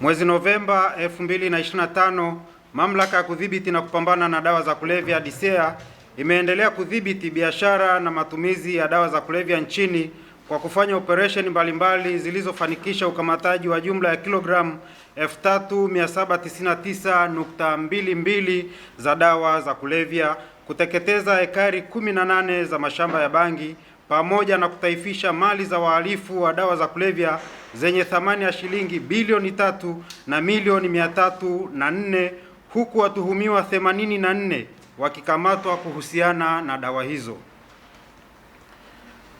Mwezi Novemba 2025, Mamlaka ya Kudhibiti na Kupambana na Dawa za Kulevya DCEA imeendelea kudhibiti biashara na matumizi ya dawa za kulevya nchini kwa kufanya operesheni mbalimbali zilizofanikisha ukamataji wa jumla ya kilogramu 3799.22 za dawa za kulevya, kuteketeza ekari 18 za mashamba ya bangi pamoja na kutaifisha mali za wahalifu wa dawa za kulevya zenye thamani ya shilingi bilioni tatu na milioni mia tatu na nne huku watuhumiwa 84 wakikamatwa kuhusiana na dawa hizo.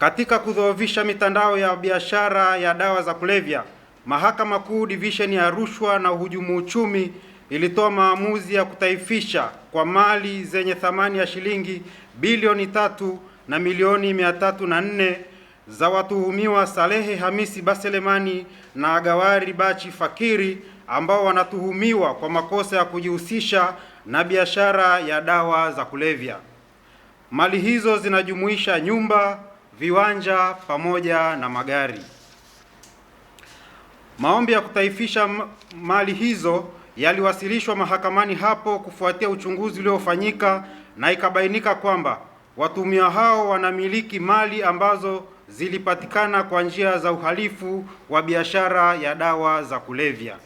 Katika kudhoofisha mitandao ya biashara ya dawa za kulevya, Mahakama Kuu Division ya Rushwa na Uhujumu Uchumi ilitoa maamuzi ya kutaifisha kwa mali zenye thamani ya shilingi bilioni tatu na milioni nne za watuhumiwa Salehe Hamisi Baselemani na Agawari Bachi Fakiri ambao wanatuhumiwa kwa makosa ya kujihusisha na biashara ya dawa za kulevya. Mali hizo zinajumuisha nyumba, viwanja pamoja na magari. Maombi ya kutaifisha mali hizo yaliwasilishwa mahakamani hapo kufuatia uchunguzi uliofanyika na ikabainika kwamba Watumia hao wanamiliki mali ambazo zilipatikana kwa njia za uhalifu wa biashara ya dawa za kulevya.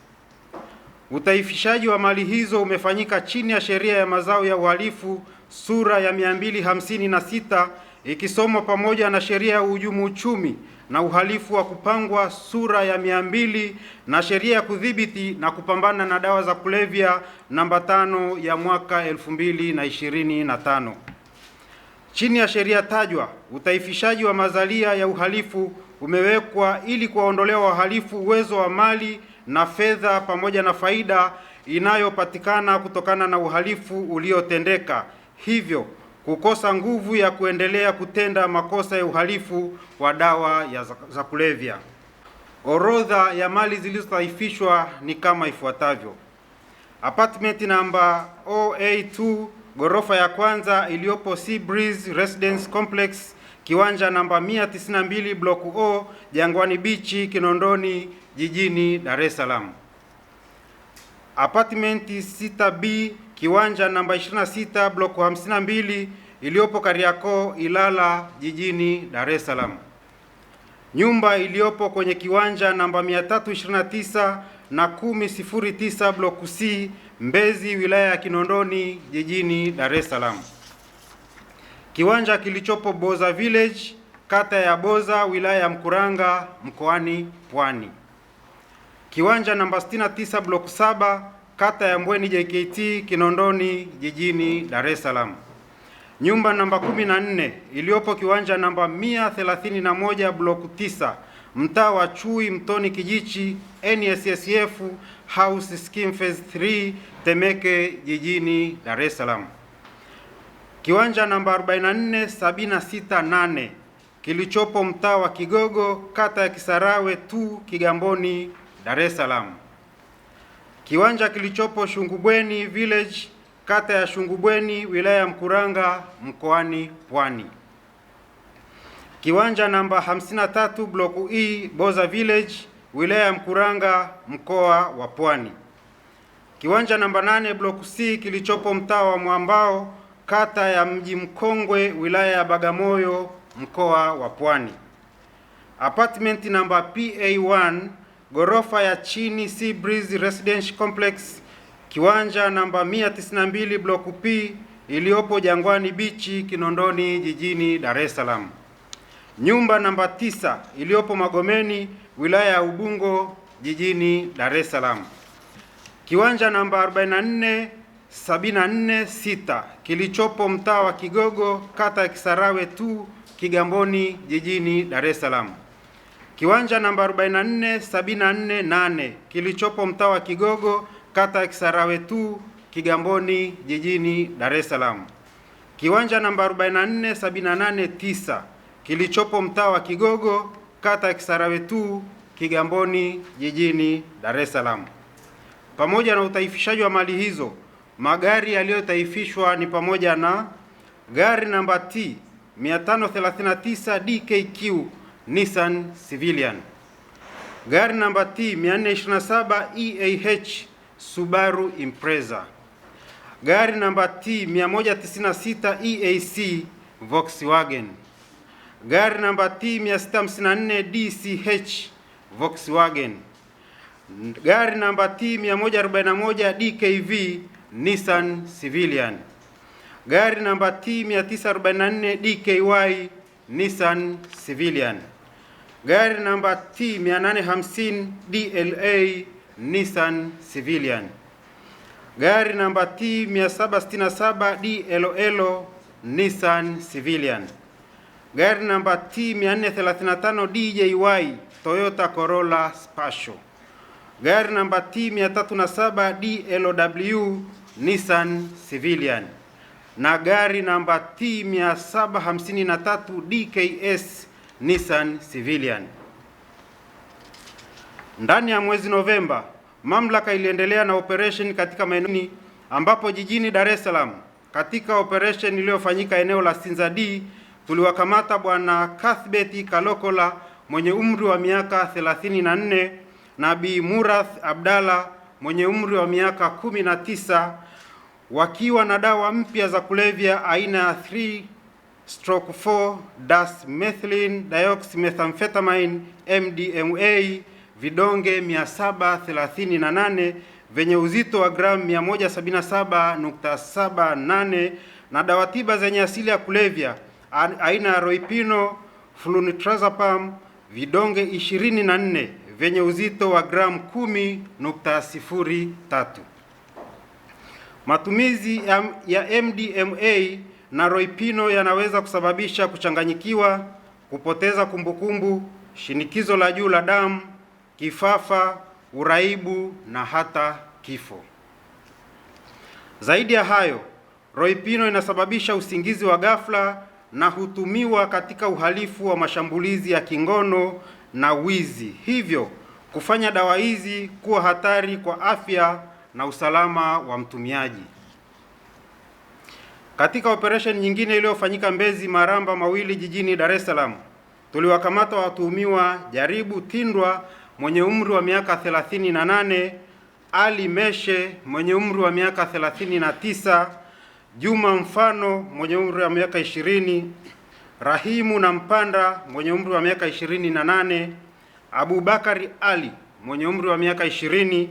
Utaifishaji wa mali hizo umefanyika chini ya sheria ya mazao ya uhalifu sura ya 256 ikisomwa pamoja na sheria ya uhujumu uchumi na uhalifu wa kupangwa sura ya 200 na sheria ya kudhibiti na kupambana na dawa za kulevya namba tano ya mwaka 2025. Chini ya sheria tajwa, utaifishaji wa mazalia ya uhalifu umewekwa ili kuwaondolea wahalifu uwezo wa mali na fedha pamoja na faida inayopatikana kutokana na uhalifu uliotendeka, hivyo kukosa nguvu ya kuendelea kutenda makosa ya uhalifu wa dawa za kulevya. Orodha ya mali zilizotaifishwa ni kama ifuatavyo: apartment namba OA2 ghorofa ya kwanza iliyopo Sea Breeze Residence Complex kiwanja namba 192 block O Jangwani Bichi Kinondoni jijini Dar es Salaam. Apartment 6B kiwanja namba 26 block 52 iliyopo Kariakoo Ilala jijini Dar es Salaam. Nyumba iliyopo kwenye kiwanja namba 329 na 1009 block C Mbezi, wilaya ya Kinondoni, jijini Dar es Salaam. Kiwanja kilichopo Boza Village, kata ya Boza, wilaya ya Mkuranga, mkoani Pwani. Kiwanja namba 69 block 7, kata ya Mbweni JKT, Kinondoni, jijini Dar es Salaam. Nyumba namba 14 iliyopo kiwanja namba 131 block 9 mtaa wa Chui Mtoni Kijichi, NSSF House Scheme Phase 3 Temeke jijini Dar es Salaam. Kiwanja namba 44768 kilichopo mtaa wa Kigogo kata ya Kisarawe tu Kigamboni, Dar es Salaam. Kiwanja kilichopo Shungubweni Village kata ya Shungubweni wilaya ya Mkuranga mkoani Pwani kiwanja namba 53 block E Boza Village, wilaya ya Mkuranga, mkoa wa Pwani, kiwanja namba 8 block C kilichopo mtaa wa Mwambao, kata ya Mji Mkongwe, wilaya ya Bagamoyo, mkoa wa Pwani, apartment namba PA1 ghorofa ya chini Sea Breeze Residential Complex, kiwanja namba 192 block P iliyopo Jangwani Bichi, Kinondoni, jijini Dar es Salaam nyumba namba tisa iliyopo Magomeni, wilaya ya Ubungo, jijini Dar es Salaam, kiwanja namba 44746 kilichopo mtaa wa Kigogo, kata ya Kisarawe tu, Kigamboni, jijini Dar es Salaam, kiwanja namba 44748 kilichopo mtaa wa Kigogo, kata ya Kisarawe tu, Kigamboni, jijini Dar es Salaam, kiwanja namba 44789 kilichopo mtaa wa Kigogo, kata ya Kisarawe tu, Kigamboni, jijini Dar es Salaam. Pamoja na utaifishaji wa mali hizo, magari yaliyotaifishwa ni pamoja na gari namba T 539 DKQ Nissan Civilian, gari namba T 427 EAH Subaru Impreza, gari namba T 196 EAC Volkswagen gari namba T 654 DCH Volkswagen, gari namba T 141 DKV Nissan Civilian, gari namba T 944 DKY Nissan Civilian, gari namba T 850 DLA Nissan Civilian, gari namba T 767 DLL Nissan Civilian gari namba T 435 DJY Toyota Corolla Spatial, gari namba T 307 DLW Nissan Civilian na gari namba T 753 DKS Nissan Civilian. Ndani ya mwezi Novemba, mamlaka iliendelea na operation katika maeneo ambapo jijini Dar es Salaam katika operation iliyofanyika eneo la Sinza D tuliwakamata Bwana Kathbeti Kalokola mwenye umri wa miaka 34 na Bi Murath Abdalla mwenye umri wa miaka 19 wakiwa na dawa mpya za kulevya aina ya 3 stroke 4 das methylene dioxymethamphetamine MDMA vidonge 738 vyenye uzito wa gramu 177.78 na dawa tiba zenye asili ya kulevya aina ya roipino flunitrazepam vidonge 24 vyenye uzito wa gramu tatu. Matumizi ya MDMA na roipino yanaweza kusababisha kuchanganyikiwa, kupoteza kumbukumbu, shinikizo la juu la damu, kifafa, uraibu na hata kifo. Zaidi ya hayo, roipino inasababisha usingizi wa ghafla na hutumiwa katika uhalifu wa mashambulizi ya kingono na wizi, hivyo kufanya dawa hizi kuwa hatari kwa afya na usalama wa mtumiaji. Katika operesheni nyingine iliyofanyika Mbezi Maramba Mawili jijini Dar es Salaam, tuliwakamata watuhumiwa Jaribu Tindwa mwenye umri wa miaka 38, Ali Meshe mwenye umri wa miaka 39 Juma Mfano mwenye umri wa miaka ishirini, Rahimu na Mpanda mwenye umri wa miaka ishirini na nane, Abubakari Ali mwenye umri wa miaka ishirini,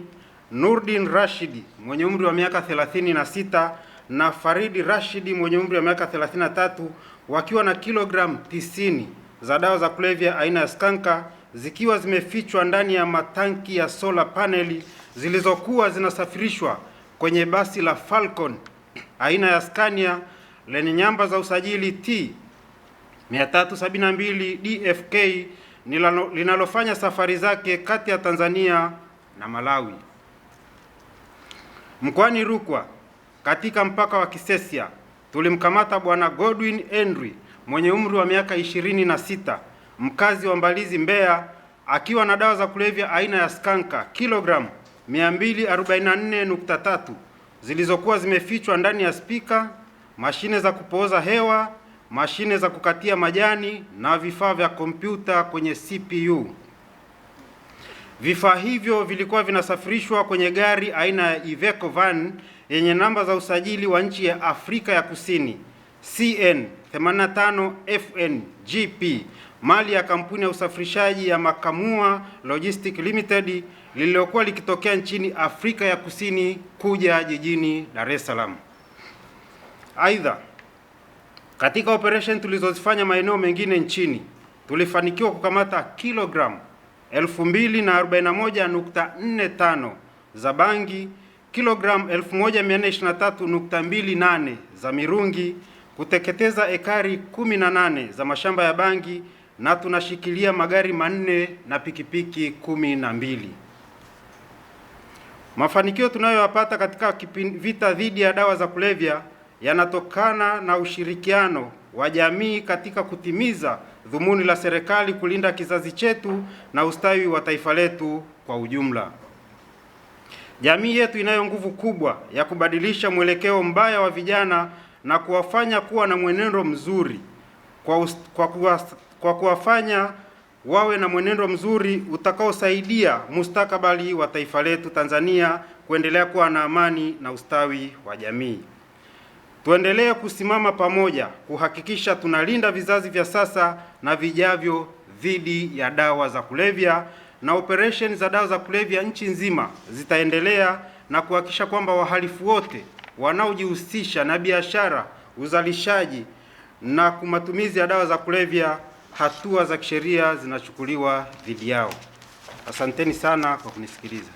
Nurdin Rashidi mwenye umri wa miaka thelathini na sita na Faridi Rashidi mwenye umri wa miaka 33 wakiwa na kilogramu 90 za dawa za kulevya aina ya skanka zikiwa zimefichwa ndani ya matanki ya sola paneli zilizokuwa zinasafirishwa kwenye basi la Falcon aina ya Scania lenye namba za usajili T 372 DFK linalofanya safari zake kati ya Tanzania na Malawi. Mkoani Rukwa, katika mpaka wa Kisesia, tulimkamata Bwana Godwin Henry mwenye umri wa miaka ishirini na sita mkazi wa Mbalizi, Mbeya, akiwa na dawa za kulevya aina ya skanka kilogramu 244.3 zilizokuwa zimefichwa ndani ya spika, mashine za kupooza hewa, mashine za kukatia majani na vifaa vya kompyuta kwenye CPU. Vifaa hivyo vilikuwa vinasafirishwa kwenye gari aina ya Iveco van yenye namba za usajili wa nchi ya Afrika ya Kusini CN 85 FNGP, mali ya kampuni ya usafirishaji ya Makamua Logistic Limited lililokuwa likitokea nchini Afrika ya Kusini kuja jijini Dar es Salaam. Aidha, katika operesheni tulizozifanya maeneo mengine nchini tulifanikiwa kukamata kilogramu 2041.45 za bangi, kilogramu 1423.28 za mirungi, kuteketeza ekari 18 za mashamba ya bangi na tunashikilia magari manne na pikipiki kumi na mbili. Mafanikio tunayoyapata katika vita dhidi ya dawa za kulevya yanatokana na ushirikiano wa jamii katika kutimiza dhumuni la serikali kulinda kizazi chetu na ustawi wa taifa letu kwa ujumla. Jamii yetu inayo nguvu kubwa ya kubadilisha mwelekeo mbaya wa vijana na kuwafanya kuwa na mwenendo mzuri kwa, kwa, kwa kuwafanya wawe na mwenendo mzuri utakaosaidia mustakabali wa taifa letu Tanzania kuendelea kuwa na amani na ustawi wa jamii. Tuendelee kusimama pamoja kuhakikisha tunalinda vizazi vya sasa na vijavyo dhidi ya dawa za kulevya, na operesheni za dawa za kulevya nchi nzima zitaendelea na kuhakikisha kwamba wahalifu wote wanaojihusisha na biashara, uzalishaji na matumizi ya dawa za kulevya hatua za kisheria zinachukuliwa dhidi yao. Asanteni sana kwa kunisikiliza.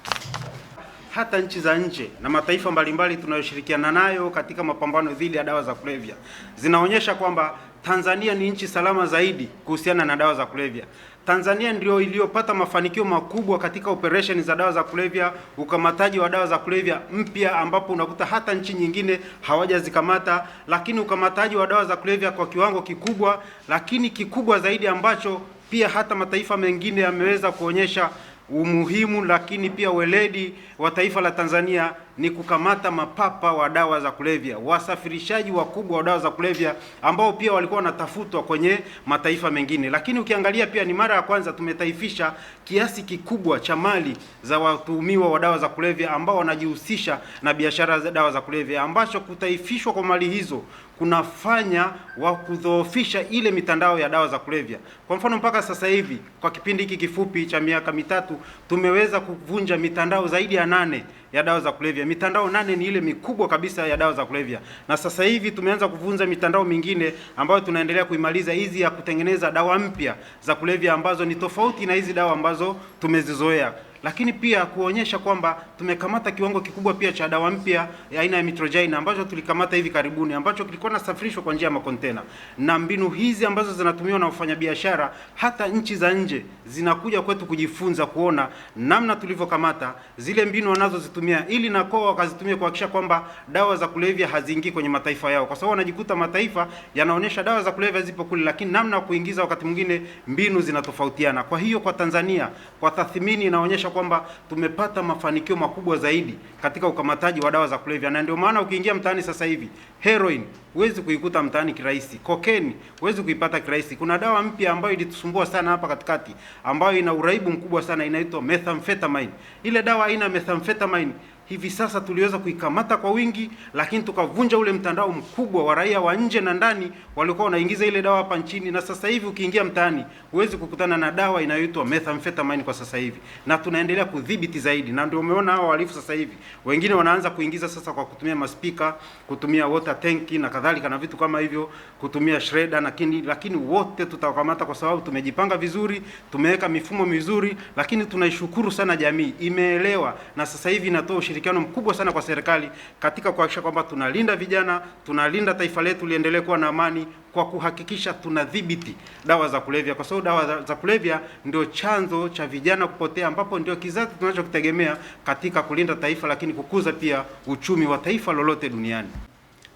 Hata nchi za nje na mataifa mbalimbali tunayoshirikiana nayo katika mapambano dhidi ya dawa za kulevya zinaonyesha kwamba Tanzania ni nchi salama zaidi kuhusiana na dawa za kulevya. Tanzania ndio iliyopata mafanikio makubwa katika operesheni za dawa za kulevya, ukamataji wa dawa za kulevya mpya, ambapo unakuta hata nchi nyingine hawajazikamata, lakini ukamataji wa dawa za kulevya kwa kiwango kikubwa, lakini kikubwa zaidi ambacho pia hata mataifa mengine yameweza kuonyesha umuhimu, lakini pia weledi wa taifa la Tanzania ni kukamata mapapa wa dawa za kulevya, wasafirishaji wakubwa wa dawa za kulevya ambao pia walikuwa wanatafutwa kwenye mataifa mengine. Lakini ukiangalia pia ni mara ya kwanza tumetaifisha kiasi kikubwa cha mali za watuhumiwa wa dawa za kulevya ambao wanajihusisha na biashara za dawa za kulevya, ambacho kutaifishwa kwa mali hizo kunafanya wa kudhoofisha ile mitandao ya dawa za kulevya. Kwa mfano, mpaka sasa hivi kwa kipindi hiki kifupi cha miaka mitatu tumeweza kuvunja mitandao zaidi ya nane ya dawa za kulevya. Mitandao nane ni ile mikubwa kabisa ya dawa za kulevya, na sasa hivi tumeanza kuvunja mitandao mingine ambayo tunaendelea kuimaliza, hizi ya kutengeneza dawa mpya za kulevya ambazo ni tofauti na hizi dawa ambazo tumezizoea lakini pia kuonyesha kwamba tumekamata kiwango kikubwa pia cha dawa mpya aina ya mitrojaina ambacho tulikamata hivi karibuni ambacho kilikuwa nasafirishwa kwa njia ya makontena. Na mbinu hizi ambazo zinatumiwa na wafanyabiashara hata nchi za nje zinakuja kwetu kujifunza, kuona namna tulivyokamata zile mbinu wanazozitumia, ili na kwao wakazitumia kuhakikisha kwamba dawa za kulevya haziingii kwenye mataifa yao, kwa sababu wanajikuta mataifa yanaonyesha dawa za kulevya zipo kule, lakini namna ya kuingiza wakati mwingine mbinu zinatofautiana. Kwa hiyo kwa Tanzania, kwa tathmini inaonyesha kwamba tumepata mafanikio makubwa zaidi katika ukamataji wa dawa za kulevya, na ndio maana ukiingia mtaani sasa hivi heroin huwezi kuikuta mtaani kirahisi, kokeni huwezi kuipata kirahisi. Kuna dawa mpya ambayo ilitusumbua sana hapa katikati ambayo ina uraibu mkubwa sana, inaitwa methamphetamine. Ile dawa aina methamphetamine hivi sasa tuliweza kuikamata kwa wingi, lakini tukavunja ule mtandao mkubwa wa raia wa nje na ndani waliokuwa wanaingiza ile dawa hapa nchini. Na sasa hivi ukiingia mtaani huwezi kukutana na dawa inayoitwa methamphetamine kwa sasa hivi, na tunaendelea kudhibiti zaidi, na ndio umeona hao walifu sasa hivi wengine wanaanza kuingiza sasa kwa kutumia maspika, kutumia water tanki na kadhalika na vitu kama hivyo, kutumia shredder, lakini lakini wote tutawakamata kwa sababu tumejipanga vizuri, tumeweka mifumo mizuri, lakini tunaishukuru sana jamii, imeelewa na sasa hivi inatoa ushirikiano mkubwa sana kwa serikali katika kuhakikisha kwamba tunalinda vijana, tunalinda taifa letu liendelee kuwa na amani kwa kuhakikisha tunadhibiti dawa za kulevya, kwa sababu dawa za kulevya ndio chanzo cha vijana kupotea, ambapo ndio kizazi tunachokitegemea katika kulinda taifa, lakini kukuza pia uchumi wa taifa lolote duniani.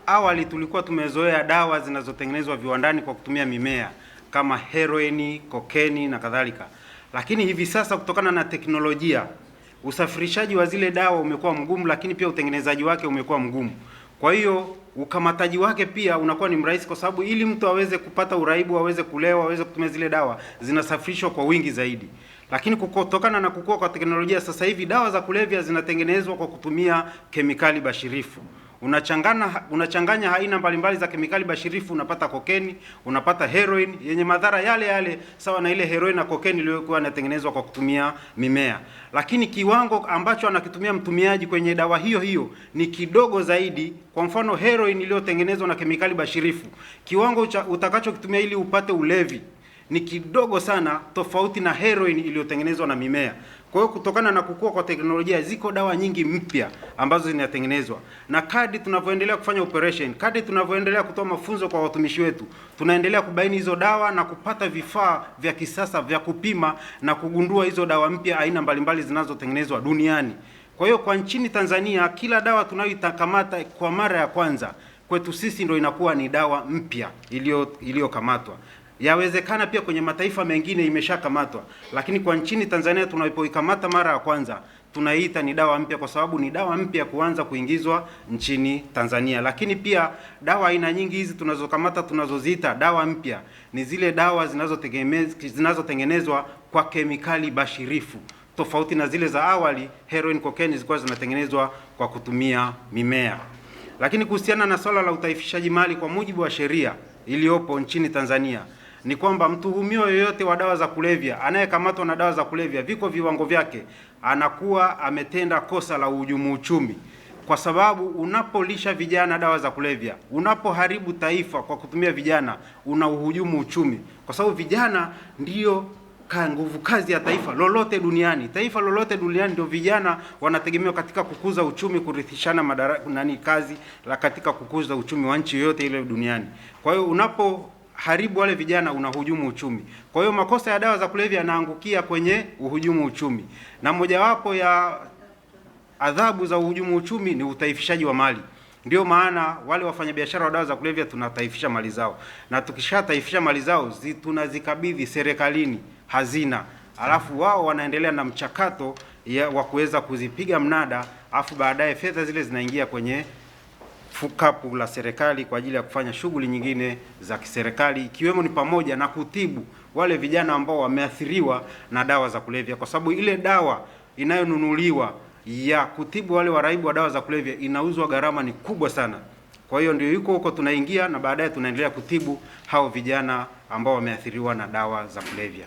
Awali tulikuwa tumezoea dawa zinazotengenezwa viwandani kwa kutumia mimea kama heroini, kokeni na kadhalika, lakini hivi sasa kutokana na teknolojia usafirishaji wa zile dawa umekuwa mgumu, lakini pia utengenezaji wake umekuwa mgumu. Kwa hiyo ukamataji wake pia unakuwa ni mrahisi, kwa sababu ili mtu aweze kupata uraibu, aweze kulewa, aweze kutumia zile dawa, zinasafirishwa kwa wingi zaidi. Lakini kutokana na kukua kwa teknolojia sasa hivi, dawa za kulevya zinatengenezwa kwa kutumia kemikali bashirifu unachangana unachanganya aina mbalimbali za kemikali bashirifu, unapata kokeni, unapata heroin yenye madhara yale yale sawa na ile heroin na kokeni iliyokuwa inatengenezwa kwa kutumia mimea, lakini kiwango ambacho anakitumia mtumiaji kwenye dawa hiyo hiyo ni kidogo zaidi. Kwa mfano, heroin iliyotengenezwa na kemikali bashirifu, kiwango utakachokitumia ili upate ulevi ni kidogo sana, tofauti na heroin iliyotengenezwa na mimea. Kwa hiyo kutokana na kukua kwa teknolojia, ziko dawa nyingi mpya ambazo zinatengenezwa, na kadri tunavyoendelea kufanya operation, kadri tunavyoendelea kutoa mafunzo kwa watumishi wetu, tunaendelea kubaini hizo dawa na kupata vifaa vya kisasa vya kupima na kugundua hizo dawa mpya aina mbalimbali zinazotengenezwa duniani. Kwa hiyo kwa nchini Tanzania, kila dawa tunayoitakamata kwa mara ya kwanza kwetu sisi ndio inakuwa ni dawa mpya iliyokamatwa, Yawezekana pia kwenye mataifa mengine imeshakamatwa, lakini kwa nchini Tanzania tunapoikamata mara ya kwanza tunaiita ni dawa mpya, kwa sababu ni dawa mpya kuanza kuingizwa nchini Tanzania. Lakini pia dawa aina nyingi hizi tunazokamata tunazoziita dawa mpya ni zile dawa zinazotengenezwa kwa kemikali bashirifu tofauti na zile za awali. Heroin, cocaine zilikuwa zinatengenezwa kwa kutumia mimea. Lakini kuhusiana na swala la utaifishaji mali, kwa mujibu wa sheria iliyopo nchini Tanzania ni kwamba mtuhumiwa yoyote wa dawa za kulevya anayekamatwa na dawa za kulevya viko viwango vyake, anakuwa ametenda kosa la uhujumu uchumi, kwa sababu unapolisha vijana dawa za kulevya, unapoharibu taifa kwa kutumia vijana, una uhujumu uchumi, kwa sababu vijana ndio ka nguvu kazi ya taifa lolote duniani. Taifa lolote duniani ndio vijana wanategemewa katika kukuza uchumi, kurithishana madara nani kazi la katika kukuza uchumi wa nchi yoyote ile duniani. Kwa hiyo unapo unaharibu wale vijana, unahujumu uchumi. Kwa hiyo makosa ya dawa za kulevya yanaangukia kwenye uhujumu uchumi, na mojawapo ya adhabu za uhujumu uchumi ni utaifishaji wa mali. Ndio maana wale wafanyabiashara wa dawa za kulevya tunataifisha mali zao, na tukishataifisha mali zao tunazikabidhi serikalini, hazina, alafu wao wanaendelea na mchakato wa kuweza kuzipiga mnada, afu baadaye fedha zile zinaingia kwenye kapu la serikali kwa ajili ya kufanya shughuli nyingine za kiserikali ikiwemo ni pamoja na kutibu wale vijana ambao wameathiriwa na dawa za kulevya, kwa sababu ile dawa inayonunuliwa ya kutibu wale waraibu wa dawa za kulevya inauzwa, gharama ni kubwa sana. Kwa hiyo ndio yuko huko tunaingia na baadaye tunaendelea kutibu hao vijana ambao wameathiriwa na dawa za kulevya.